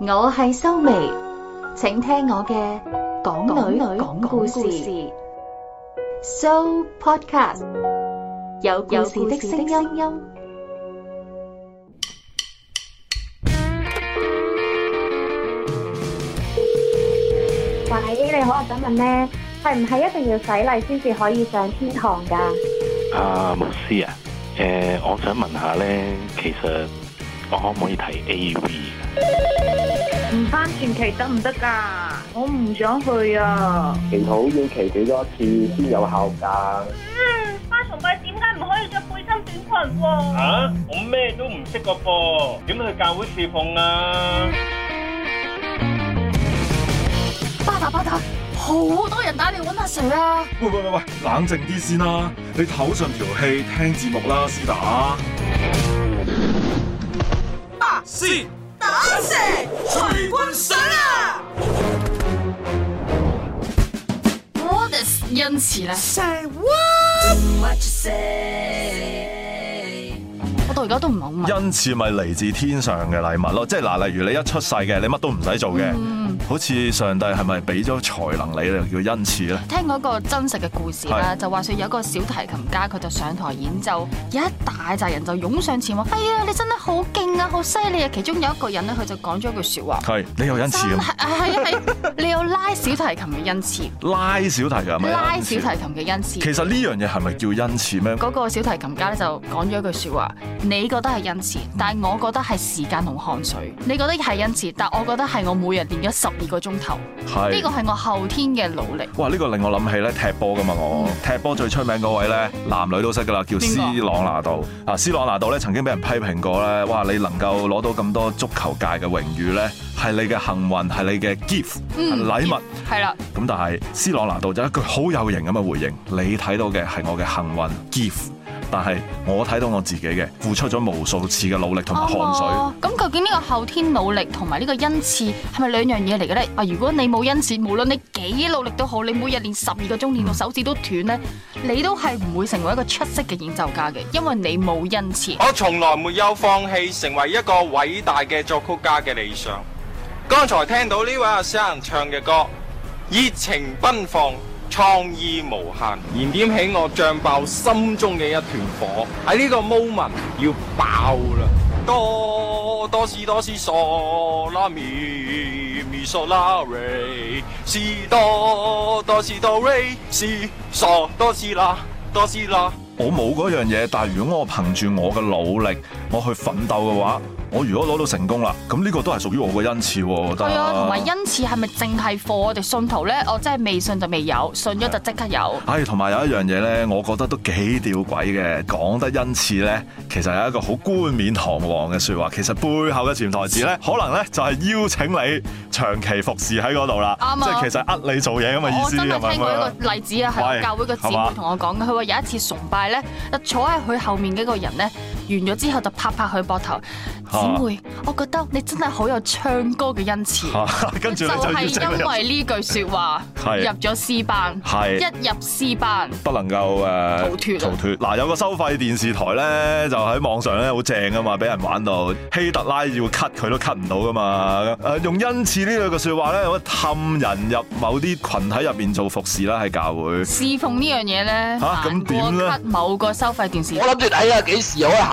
我係修眉，請聽我嘅講女女講故事。So podcast 有故事的聲音。喂，你好，我想問咧，係唔係一定要洗禮先至可以上天堂噶？阿牧師啊，誒，我想問下咧，其實。我可唔可以睇 AV？唔翻前期得唔得噶？我唔想去啊！祈禱要祈禱幾多次先有效噶？嗯，返崇拜點解唔可以着背心短裙，裙？吓、啊，我咩都唔識個噃，點去教會侍奉啊？巴打巴打，好，好多人打電話搵阿 Sir 啊？喂喂喂喂，冷靜啲先啦、啊，你唞順條氣，聽節目啦 s i 是 C. 打蛇隨棍上啊！我哋因此咧，我到而家都唔肯問。因此咪嚟自天上嘅禮物咯，即係嗱，例如你一出世嘅，你乜都唔使做嘅。嗯好似上帝係咪俾咗才能你咧，叫恩賜咧？聽過一個真實嘅故事啦，是就話說有一個小提琴家佢就上台演奏，有一大扎人就湧上前話，哎呀，你真係好勁啊，好犀利啊！其中有一個人咧，佢就講咗一句説話，係你有恩賜咁，係啊係，你有拉小提琴嘅恩賜， 拉小提琴啊，拉小提琴嘅恩賜。其實呢樣嘢係咪叫恩賜咩？嗰個小提琴家咧就講咗一句説話，你覺得係恩賜，但係我覺得係時間同汗水。你覺得係恩賜，但係我覺得係我每日練咗十二個鐘頭，呢個係我後天嘅努力。哇！呢個令我諗起咧，踢波噶嘛我，踢波最出名嗰位咧，男女都識噶啦，叫 C 朗拿度誰。啊，C 朗拿度咧，曾經俾人批評過咧，哇！你能夠攞到咁多足球界嘅榮譽咧，係你嘅幸運，係你嘅 gift，禮物係啦。咁但係 C 朗拿度就一句好有型咁嘅回應，你，你睇到嘅係我嘅幸運 gift。但係我睇到我自己嘅付出咗無數次嘅努力同埋汗水。咁、oh、究竟呢個後天努力同埋呢個恩賜係咪兩樣嘢嚟嘅呢？啊，如果你冇恩賜，無論你幾努力都好，你每日練十二個鐘練到手指都斷呢，你都係唔會成為一個出色嘅演奏家嘅，因為你冇恩賜。我從來沒有放棄成為一個偉大嘅作曲家嘅理想。剛才聽到呢位阿詩人唱嘅歌，熱情奔放。創意無限，燃點起我脹爆心中嘅一團火，喺呢個 moment 要爆啦！多，多，西多，西嗦啦咪咪嗦啦瑞，西多，多，西多，瑞，西嗦多，西啦多，西啦。我冇嗰樣嘢，但係如果我憑住我嘅努力，我去奮鬥嘅話。我如果攞到成功啦，咁呢個都係屬於我個恩賜喎。係啊，同埋恩賜係咪淨係貨我哋信徒咧？我真係未信就未有，信咗就即刻有。唉，同埋有一樣嘢咧，我覺得都幾吊鬼吊詭嘅，講得恩賜咧，其實有一個好冠冕堂皇嘅説話，其實背後嘅潛台詞咧，可能咧就係邀請你長期服侍喺嗰度啦，對吧 即係其實呃你做嘢咁嘅意思係咪？我真係聽過一個例子啊，係吧教會嘅姊妹同我講嘅，佢話吧有一次崇拜咧，坐喺佢後面嘅個人咧。完咗之後就拍拍佢膊頭，姊妹，我覺得你真係好有唱歌嘅恩賜，跟住就係因為呢句說話入咗詩班，係一入詩班不能夠誒逃脫，逃脫。嗱，有個收費電視台咧就喺網上咧好正啊嘛，俾人玩到希特拉要 cut 佢都 cut 唔到噶嘛。誒用恩賜呢句嘅說話咧，有冇氹人入某啲群體入邊做服侍啦？喺教會侍奉呢樣嘢咧，吓，咁點咧？某個收費電視台，我諗住睇下幾時可以。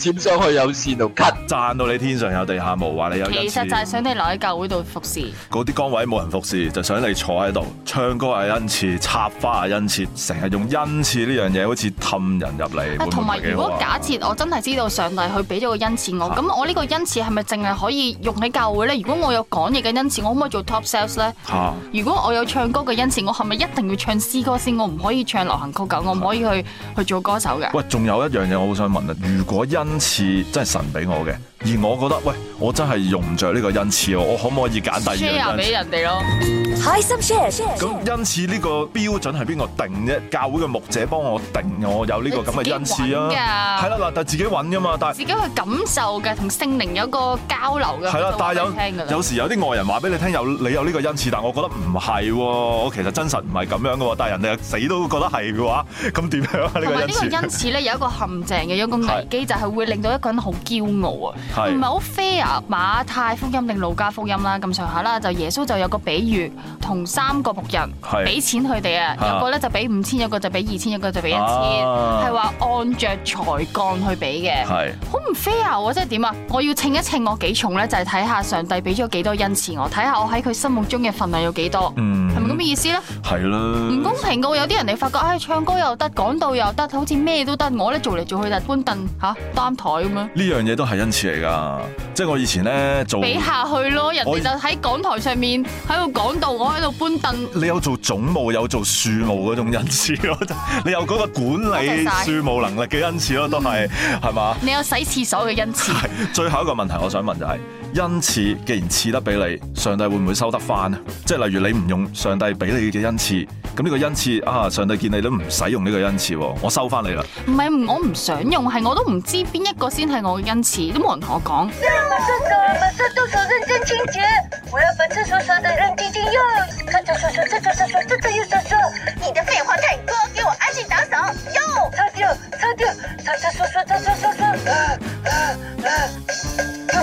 接上去有線度吸，Cut、賺到你天上有地下無，話你有恩賜。其實就係想你留喺教會度服侍。嗰啲崗位冇人服侍就想你坐喺度唱歌啊，恩賜插花啊，恩賜，成日用恩賜呢樣嘢，好似氹人入嚟。同埋、啊啊、如果假設我真係知道上帝去俾咗個恩賜我，咁、啊、我呢個恩賜係咪淨係可以用喺教會咧？如果我有講嘢嘅恩賜，我可唔可以做 top sales 咧？啊、如果我有唱歌嘅恩賜，我係咪一定要唱詩歌先？我唔可以唱流行曲㗎，我唔可以去、啊、去做歌手㗎？喂，仲有一樣嘢我好想問啊，如果恩今次真係神畀我嘅。而我覺得，喂，我真係用唔著呢個恩賜，我可唔可以揀第二樣恩賜俾人哋咯？咁恩賜呢個標準係邊個定啫？教會嘅牧者幫我定，我有呢、這個咁嘅恩賜啊。係啦，嗱，就自己揾噶嘛。但係自己去感受嘅，同聖靈有個交流嘅。係啦了，多但係有有時有啲外人話俾你聽，有你有呢個恩賜，但我覺得唔係，我其實真實唔係咁樣嘅。但係人哋死都覺得係嘅話，咁點樣啊？同呢個恩賜咧有一個陷阱嘅，有一個危機，就係、是、會令到一個人好驕傲啊。唔係好 fair，馬太福音定路加福音啦，咁上下啦，就耶穌就有個比喻，同三個僕人，俾錢佢哋啊，有一個咧就俾五千，一個就俾二千，一個就俾一千，係話、啊、按着財幹去俾嘅，好唔 fair 喎，即係點啊？我要稱一稱我幾重咧，就係睇下上帝俾咗幾多恩賜我，睇下我喺佢心目中嘅份量有幾多，嗯，係咪咁嘅意思咧？係啦的，唔公平噶喎，有啲人你發覺，哎，唱歌又得，講道又得，好似咩都得，我咧做嚟做，做去就搬凳嚇、啊、擔台咁樣，呢樣嘢都係恩賜嚟。噶，即係我以前咧做，比下去咯。人哋就喺講台上面喺度講道，我喺度搬凳。你有做總務，有做庶務嗰種恩賜咯， 你有嗰個管理庶務謝謝 能力嘅恩賜咯，都係，係嘛？嗯、吧你有洗廁所嘅恩賜。最後一個問題，我想問就係、是。恩賜既然賜得俾你，me, 上帝會唔會收得翻啊？即係例如你唔用上帝俾你嘅恩賜，咁呢個恩賜啊，上帝見你都唔使用呢個恩賜，我收翻你啦。唔係，我唔想用，係我都唔知邊一個先係我嘅恩賜，都冇人同我講。要打掃，要打掃，認真清潔，我要把廁所掃得亮晶晶喲！刷刷刷刷刷刷刷刷又刷刷，你的廢話太多，給我安靜打掃喲！擦掉，擦掉，刷刷刷刷刷刷刷。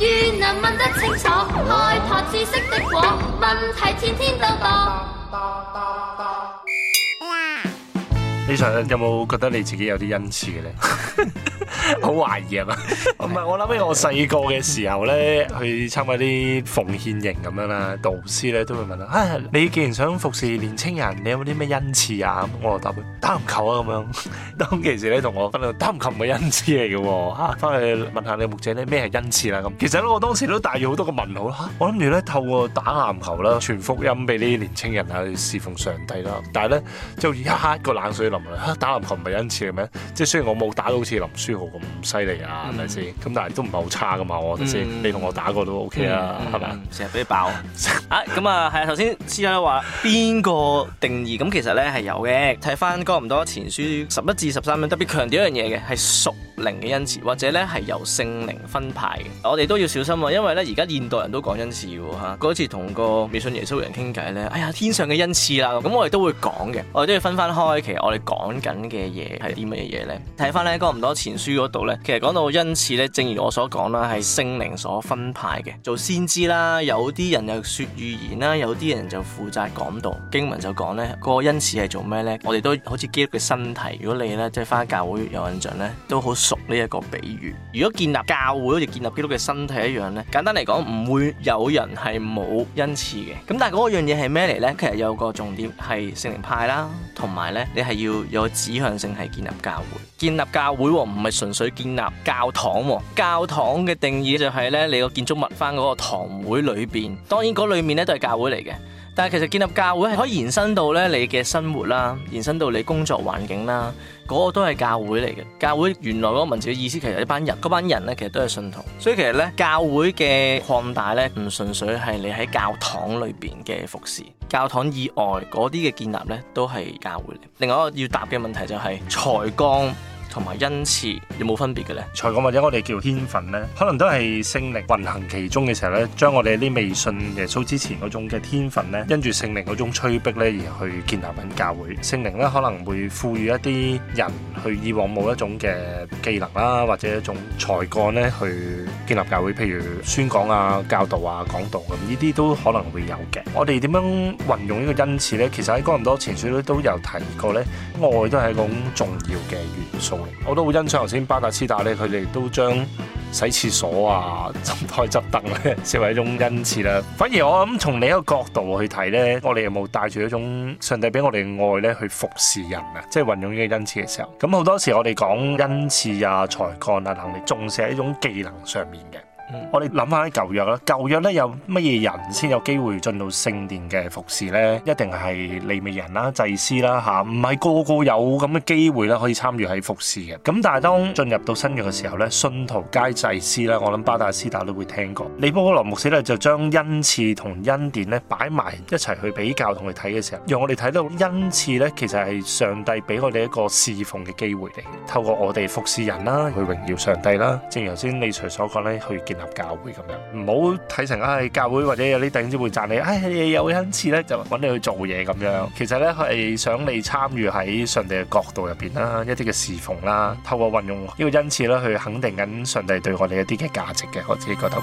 越能問得清楚，開拓知識的火，問題天天都多。你上有冇覺得你自己有啲恩賜嘅咧？好懷 疑啊！唔係 我諗起我細個嘅時候咧，去參加啲奉獻營咁樣啦，導師咧都會問啊：你既然想服侍年青人，你有冇啲咩恩賜啊？咁我就答：打籃球啊咁樣。 當其時咧，同我打籃球唔係嘅恩賜嚟嘅吓，翻、啊、去問，問下你牧者咧咩係恩賜啦咁。其實咧，我當時都帶住好多個問號啦、啊。我諗住咧透過打籃球啦，傳福音俾呢啲年青人啊去侍奉上帝啦。但係咧，就一下個冷水淋啦，打籃球唔係恩賜嘅咩？即係雖然我冇打到好似林書。咁犀利啊，係咪先？咁但係都唔係好差噶嘛，我睇先。你同我打過都 O、OK、K 啊，係咪？成日俾你爆 啊！咁、嗯、啊，係啊。頭先師奶話邊個定義？咁其實咧係有嘅。睇翻多唔多前書十一至十三章，特別強調一樣嘢嘅係熟。靈嘅恩賜，或者咧係由聖靈分派嘅，我哋都要小心啊！因為咧而家現代人都講恩賜嘅吓，嗰、啊、次同個未信耶穌人傾偈咧，哎呀天上嘅恩賜啦，咁、嗯、我哋都會講嘅，我哋都要分翻開，其實我哋講緊嘅嘢係啲乜嘢嘢咧？睇翻咧《哥林多前書》嗰度咧，其實講到恩賜咧，正如我所講啦，係聖靈所分派嘅，做先知啦，有啲人又說預言啦，有啲人就負責講道。經文就講咧，個恩賜係做咩咧？我哋都好似基督嘅身體，如果你咧即係翻教會有印象咧，都好。熟呢一個比喻，如果建立教會好似建立基督嘅身體一樣呢，簡單嚟講，唔會有人係冇恩賜嘅。咁但係嗰樣嘢係咩嚟呢？其實有個重點係聖靈派啦，同埋呢，你係要有指向性係建立教會。建立教會喎，唔係純粹建立教堂喎。教堂嘅定義就係呢，你個建築物翻嗰個堂會裏邊，當然嗰裏面呢都係教會嚟嘅。但係其實建立教會係可以延伸到咧你嘅生活啦，延伸到你工作環境啦，嗰個都係教會嚟嘅。教會原來嗰個文字嘅意思其實一班人，嗰班人咧其實都係信徒。所以其實咧教會嘅擴大咧唔純粹係你喺教堂裏邊嘅服侍。教堂以外嗰啲嘅建立咧都係教會嚟。另外一個要答嘅問題就係才幹。同埋恩賜有冇分別嘅呢？才幹或者我哋叫天份呢，可能都係聖靈運行其中嘅時候呢，將我哋啲未信耶穌之前嗰種嘅天份呢，因住聖靈嗰種催逼呢而去建立緊教會。聖靈呢可能會賦予一啲人去以往冇一種嘅技能啦，或者一種才幹呢去建立教會，譬如宣講啊、教導啊、講道咁，呢啲都可能會有嘅。我哋點樣運用呢個恩賜呢？其實喺《哥林多前書》都有提過呢，愛都係一種重要嘅元素。我都好欣賞頭先巴達斯達咧，佢哋都將洗廁所啊、執檯、執凳咧，視為一種恩賜啦。反而我諗從另一個角度去睇咧，我哋有冇帶住一種上帝俾我哋嘅愛咧，去服侍人啊？即係運用呢個恩賜嘅時候，咁好多時我哋講恩賜啊、才幹啊、能力，仲係喺一種技能上面嘅。 我哋諗下啲舊約啦，舊約咧有乜嘢人先有機會進到聖殿嘅服侍呢？一定係利未人啦、祭司啦，吓、啊，唔係個個有咁嘅機會啦，可以參與喺服侍嘅。咁但係當進入到新約嘅時候咧，信徒皆祭司啦，我諗巴達斯達都會聽過。李波羅牧師咧就將恩賜同恩典咧擺埋一齊去比較同佢睇嘅時候，讓我哋睇到恩賜咧其實係上帝俾我哋一個侍奉嘅機會嚟，透過我哋服侍人啦，去榮耀上帝啦。正如頭先李徐所講咧，去建教會咁樣，唔好睇成唉、哎、教會或者有啲頂子會讚你，唉、哎、有恩賜咧就搵你去做嘢咁樣。其實咧佢係想你參與喺上帝嘅角度入邊啦，一啲嘅侍奉啦，透過運用呢個恩賜咧去肯定緊上帝對我哋一啲嘅價值嘅。我自己覺得會。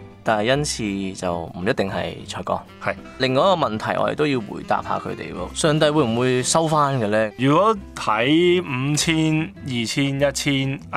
但係恩賜就唔一定係才幹。係是另外一個問題，我哋都要回答下佢哋喎。上帝會唔會收翻嘅呢？如果睇五千、二千、一千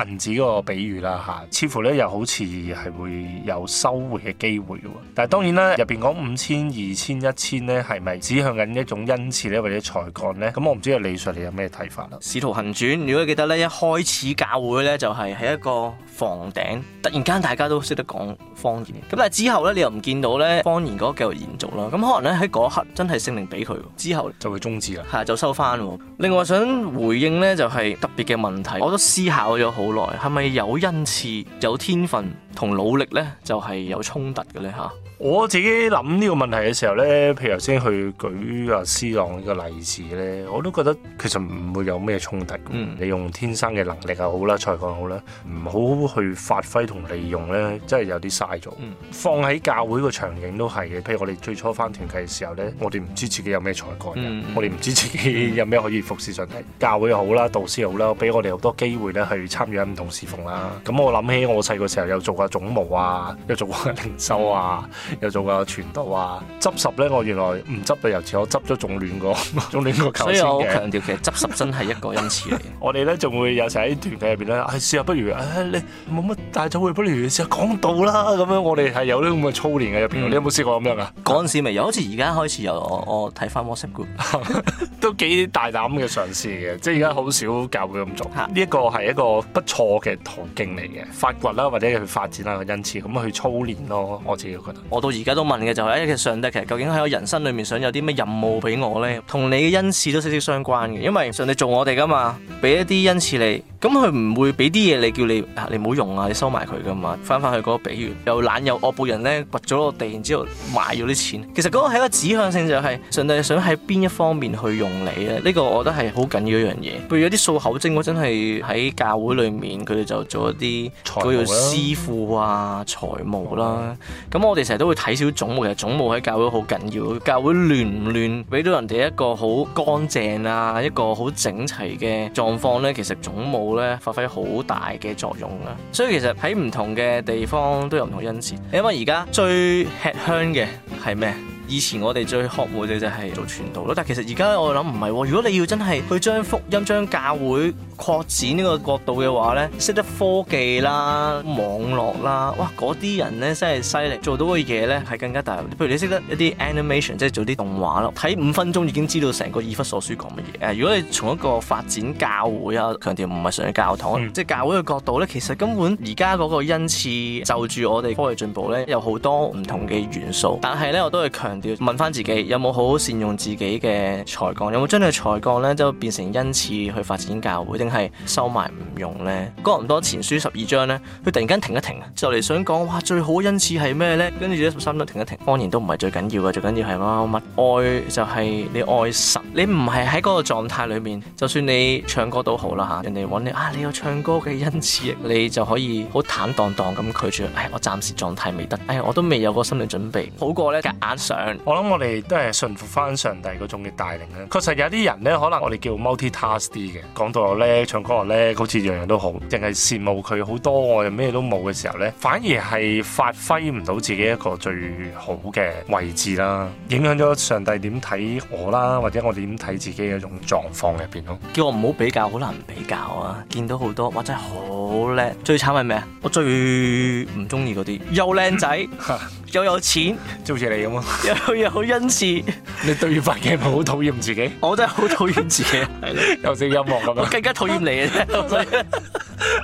銀子嗰個比喻啦嚇，似乎呢又好似係會有收回嘅機會喎。但係當然啦，入邊講五千、二千、一千呢係咪指向緊一種恩賜呢？或者才幹呢？咁、嗯、我唔知阿李叔你有咩睇法啦。使徒行傳，如果你記得呢一開始教會呢，就係喺一個房頂，突然間大家都識得講方言。咁但之後咧，你又唔見到咧，方言嗰個繼續延續啦。咁可能咧喺嗰刻真係聖靈俾佢，之後就會終止啦。係呀，就收翻喎。另外想回應咧，就係特別嘅問題，我都思考咗好耐，係咪有恩賜、有天分同努力咧，就係有衝突嘅咧？嚇？我自己諗呢個問題嘅時候呢，譬如頭先去舉阿斯朗呢個例子呢，我都覺得其實唔會有咩衝突。嗯、你用天生嘅能力又好啦，才幹好啦，唔好去發揮同利用呢，真係有啲嘥咗。嗯、放喺教會個場景都係嘅，譬如我哋最初返團契嘅時候呢，我哋唔知自己有咩才幹，嗯、我哋唔知自己有咩可以服侍上帝。嗯、教會又好啦，導師又好啦，俾我哋好多機會呢去參與喺唔同事奉啦。咁我諗起我細個時候有做過總務啊，有做過靈修啊。又做過傳道啊！執拾咧，我原來唔執嘅，由前我執咗仲亂過，仲亂過舊先嘅。 所以我強調，其實執拾真係一個恩賜嚟。 我哋咧仲會有時喺團隊入邊咧，試、哎、下不如，唉、哎，你冇乜大走會，不如試下講道啦。咁樣我哋係有啲咁嘅操練嘅入邊，嗯、你有冇試過咁樣啊？嗰陣時未有，好似而家開始有。我我睇翻 WhatsApp group，都幾大膽嘅嘗試嘅。即係而家好少教會咁做。呢一個係一個不錯嘅途徑嚟嘅，發掘啦或者去發展啦個恩賜，咁去操練咯。我自己覺得。我到而家都問嘅就係、是：，其、哎、實上帝其實究竟喺我人生裏面想有啲咩任務俾我咧？同你嘅恩賜都息息相關嘅，因為上帝做我哋噶嘛，俾一啲恩賜你，咁佢唔會俾啲嘢你叫你，啊、你唔好用啊，你收埋佢噶嘛。翻返去嗰個比喻，又懶又惡僕人咧，掘咗個地，然之後賣咗啲錢。其實嗰個係一個指向性、就是，就係上帝想喺邊一方面去用你咧。呢、這個我覺得係好緊要一樣嘢。譬如一啲數口精，我真係喺教會裏面，佢哋就做一啲叫做師傅啊、財務啦、啊。咁我哋成日都。都會睇少總務，其實總務喺教會好緊要，教會亂唔亂，俾到人哋一個好乾淨啊，一個好整齊嘅狀況呢，其實總務呢發揮好大嘅作用啊。所以其實喺唔同嘅地方都有唔同恩賜。你諗下而家最吃香嘅係咩？以前我哋最學會嘅就係做傳道咯，但其實而家我諗唔係喎。如果你要真係去將福音、將教會擴展呢個角度嘅話呢，識得科技啦、網絡啦，哇嗰啲人呢真係犀利，做到嘅嘢呢係更加大。譬如你識得一啲 animation，即係做啲動畫咯，睇五分鐘已經知道成個以弗所書講乜嘢。如果你從一個發展教會啊，強調唔係上教堂，即係、嗯、教會嘅角度呢，其實根本而家嗰個恩賜就住我哋科技進步呢，有好多唔同嘅元素，但係呢，我都係強。要問翻自己，有冇好好善用自己嘅才幹？有冇將你嘅才幹呢就變成恩賜去發展教會，定係收埋唔用呢？哥林多前書十二章呢，佢突然間停一停，就嚟想講：哇，最好恩賜係咩呢？」跟住咧十三章停一停，當然都唔係最緊要嘅，最緊要係乜乜愛，就係你愛神。你唔係喺嗰個狀態裏面，就算你唱歌都好啦吓，人哋揾你啊，你有唱歌嘅恩賜，你就可以好坦蕩蕩咁拒絕。哎，我暫時狀態未得，哎，我都未有個心理準備，好過呢，夾硬上。我諗我哋都係順服翻上帝嗰種嘅帶領啦。確實有啲人咧，可能我哋叫 multi-task 啲嘅，講道又叻，唱歌又叻，好似樣樣都好。淨係羨慕佢好多，我又咩都冇嘅時候咧，反而係發揮唔到自己一個最好嘅位置啦，影響咗上帝點睇我啦，或者我點睇自己嘅一種狀況入邊咯。叫我唔好比較，好難比較啊！見到好多或者係好叻。最慘係咩啊？我最唔中意嗰啲又靚仔。 又有錢，好似你咁啊，又又好恩賜。你對住塊鏡係咪好討厭自己？我都係好討厭自己，係咯。有少少音樂咁樣，我更加討厭你嘅啫。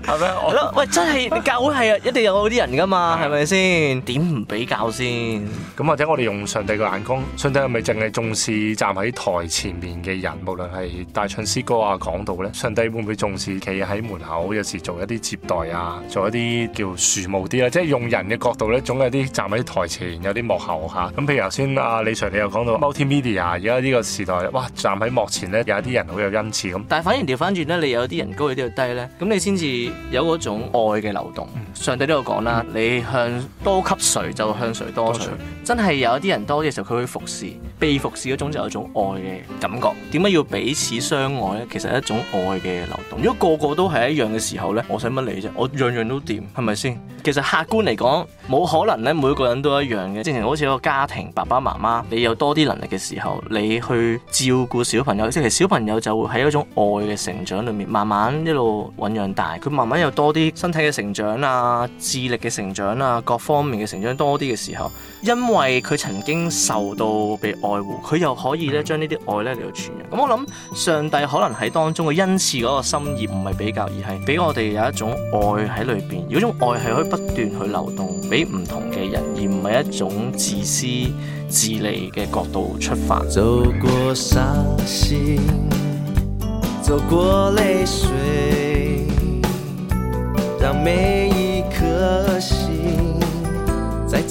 係咪？我覺得，喂真係，教會係啊，一定有嗰啲人噶嘛，係咪先？點唔比較先？咁或者我哋用上帝嘅眼光，上帝係咪淨係重視站喺台前面嘅人？無論係大唱詩歌啊、講道咧，上帝會唔會重視企喺門口有時做一啲接待啊，做一啲叫樹木啲啊，即係用人嘅角度咧，總有啲站喺台。幕前有啲幕後吓，咁譬如頭先阿李 Sir，你又講到 multimedia，而家呢個時代，哇！站喺幕前咧，有一啲人好有恩賜咁，但係反而調翻轉咧，你有啲人高，有啲又低咧，咁你先至有嗰種愛嘅流動。嗯上帝都有講啦，嗯、你向多給誰就向誰多取。多取真係有啲人多嘅時候，佢會服侍，被服侍嗰種就有一種愛嘅感覺。點解、嗯、要彼此相愛咧？其實係一種愛嘅流動。嗯、如果個個都係一樣嘅時候呢、嗯，我使乜你啫？我樣樣都掂，係咪先？其實客觀嚟講，冇可能呢。每個人都一樣嘅。正如好似一個家庭，爸爸媽媽，你有多啲能力嘅時候，你去照顧小朋友，即係小朋友就會喺一種愛嘅成長裡面，慢慢一路醞釀大。佢慢慢有多啲身體嘅成長啊。啊！智力嘅成長啊，各方面嘅成長多啲嘅時候，因為佢曾經受到被愛護，佢又可以咧將呢啲愛咧嚟到傳揚。咁、嗯、我諗上帝可能喺當中嘅恩賜嗰個心意唔係比較，而係俾我哋有一種愛喺裏邊。如果種愛係可以不斷去流動，俾唔同嘅人，而唔係一種自私自利嘅角度出發。走過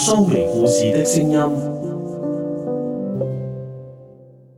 蘇眉故事的聲音。